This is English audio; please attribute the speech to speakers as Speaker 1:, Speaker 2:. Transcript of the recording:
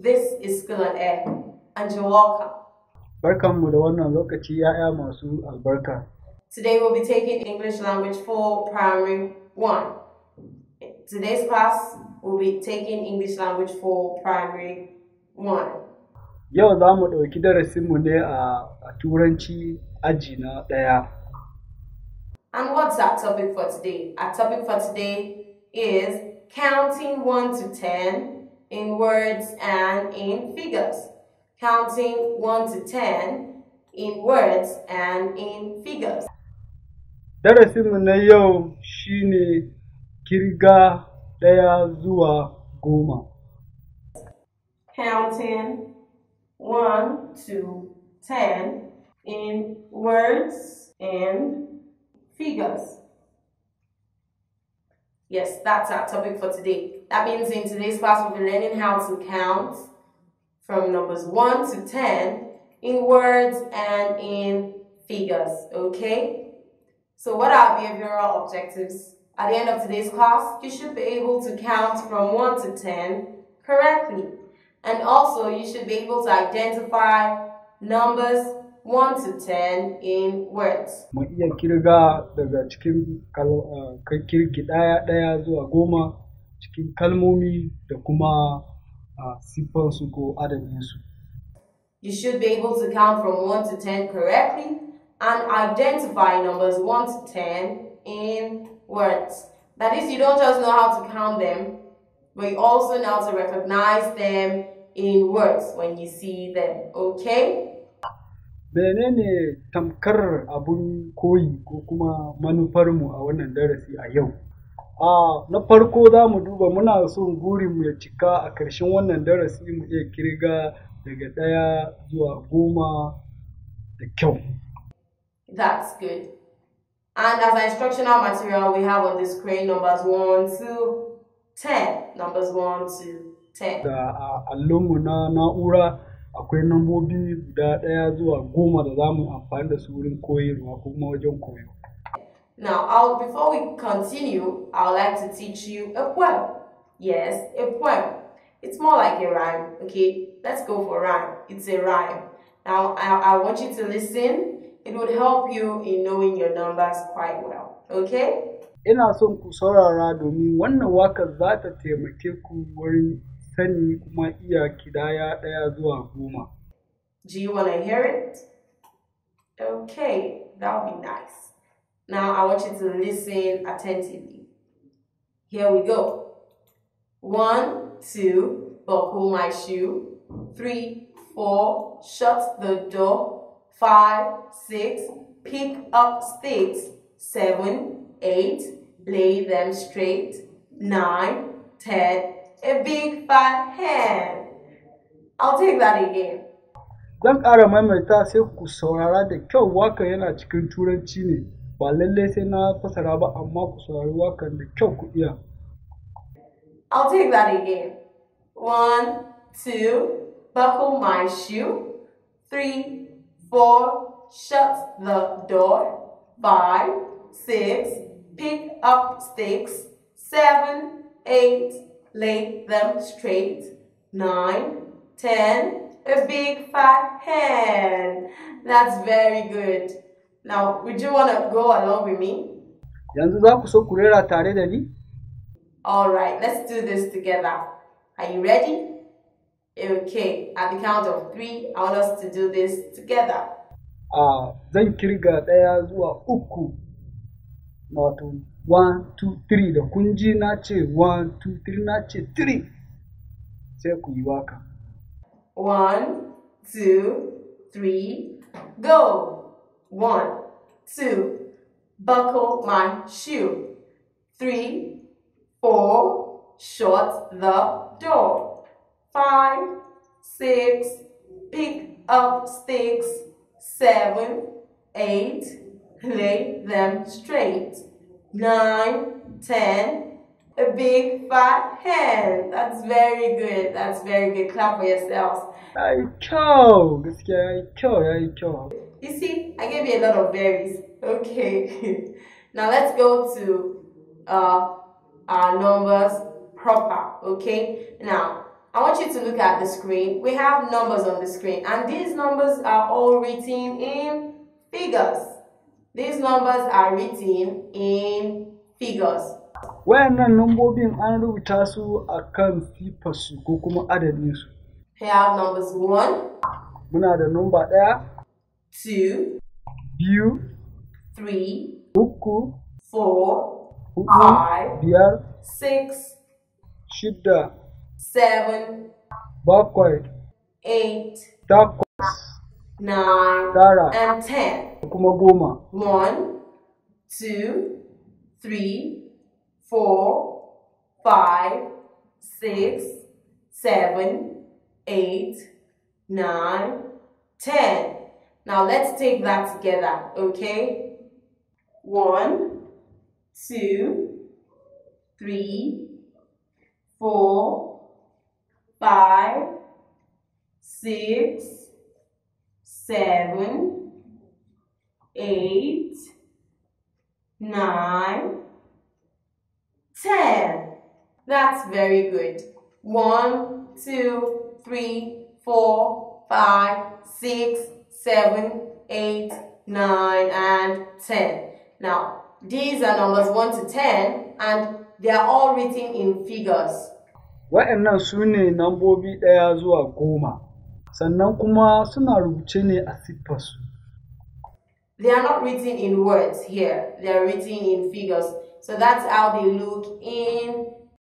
Speaker 1: This is and Air, Anja Walker.
Speaker 2: Barkanmu da wannan lokaci ya'ya masu alberca.
Speaker 1: Today we'll be taking English language for primary 1. Today's class will be taking English language for primary 1.
Speaker 2: Yau za mu ɗauki darasinmu ne a Turanci aji na ɗaya.
Speaker 1: And what's our topic for today? Our topic for today is counting 1 to 10 in words and in figures. Counting 1 to 10 in words and in
Speaker 2: figures. Darasinmu na yau
Speaker 1: Counting 1 to 10 in words and figures. Yes, that's our topic for today. That means in today's class we'll be learning how to count from numbers 1 to 10 in words and in figures, okay? So what are behavioral objectives? At the end of today's class, you should be able to count from 1 to 10 correctly. And also, you should be able to identify numbers 1 to 10 in words.
Speaker 2: daga daya eh, zuwa goma cikin kalmomi da kuma ko adadinsu.
Speaker 1: You should be able to count from 1 to 10 correctly and identify numbers 1 to 10 in words. That is, you don't just know how to count them, but you also know how to recognize them in words when you see them, okay?
Speaker 2: tamkar abun koyi ko kuma manufarmu a wannan darasi a yau? A na farko za mu duba muna son guri mu ya cika a ƙarshen wannan darasi mu iya kirga daga ɗaya zuwa goma da kyau.
Speaker 1: That's good. And as an instructional material, we have on the screen numbers 1 to 10. Numbers 1 to 10. Da
Speaker 2: allonmu na na'ura akwai nambobi guda ɗaya zuwa goma da za mu amfani da su wurin koyarwa kuma wajen koyo.
Speaker 1: Now, I'll, before we continue, I would like to teach you a poem. Yes, a poem. It's more like a rhyme, okay? Let's go for rhyme. It's a rhyme. Now, I, I want you to listen. It would help you in knowing your numbers quite well, okay?
Speaker 2: Ina son ku saurara domin wannan wakar za ta taimake ku wurin sani kuma iya kidaya ɗaya zuwa goma.
Speaker 1: Do you want to hear it? Okay, that'll be nice. Now I want you to listen attentively. Here we go. One, two, buckle my shoe. Three, four, shut the door. Five, six, pick up sticks. Seven, eight, lay them straight. Nine, ten, a big fat hand. I'll take that again
Speaker 2: ba sai na fasara ba amma kan da kyau ku iya
Speaker 1: I'll take that again. One, two, buckle my shoe. Three, four, shut the door. Five, six, pick up sticks. Seven, eight, lay them straight. Nine, ten, a big fat hen. That's very good. Now, would you want to go along with me?
Speaker 2: Yanzu za ku so ku rera tare da ni?
Speaker 1: All right, let's do this together. Are you ready? Okay, at the count of three, I want us to do this together.
Speaker 2: Ah, zan kirga ɗaya zuwa uku. Wato, one, two, three da kun ji na ce one, two, three na ce three. Sai ku yi waka. One, two, three, go! One,
Speaker 1: two, buckle my shoe. Three, four, shut the door. Five, six, pick up sticks. Seven, eight, lay them straight. Nine, ten, a big fat hand. That's very good. That's very good. Clap for yourselves.
Speaker 2: I chug. I chug. I chug.
Speaker 1: You see, I gave you a lot of berries. Okay. now let's go to uh, our numbers proper. Okay. Now, I want you to look at the screen. We have numbers on the screen. And these numbers are all written in figures. These numbers are written in figures
Speaker 2: wayannan lambobin an rubuta su ko kuma numbers one muna da number ɗaya two biyu
Speaker 1: three uku four 5 six shida seven bakwai eight
Speaker 2: takwas
Speaker 1: nine tara and ten
Speaker 2: kuma goma
Speaker 1: Three four, five, six, seven, eight, nine, ten. Now let's take that together, okay? One, two, three, four, five, six, seven, eight, nine, 10. That's very good. 1, 2, 3, 4, 5, 6, 7, 8, 9, and 10. Now, these are numbers 1 to 10 and they are all written in figures.
Speaker 2: Wa'annan su number nambobi ɗaya zuwa goma, sannan kuma suna rubuce ne a siffarsu.
Speaker 1: They are not written
Speaker 2: in words here, they are written in figures. So that's how they look in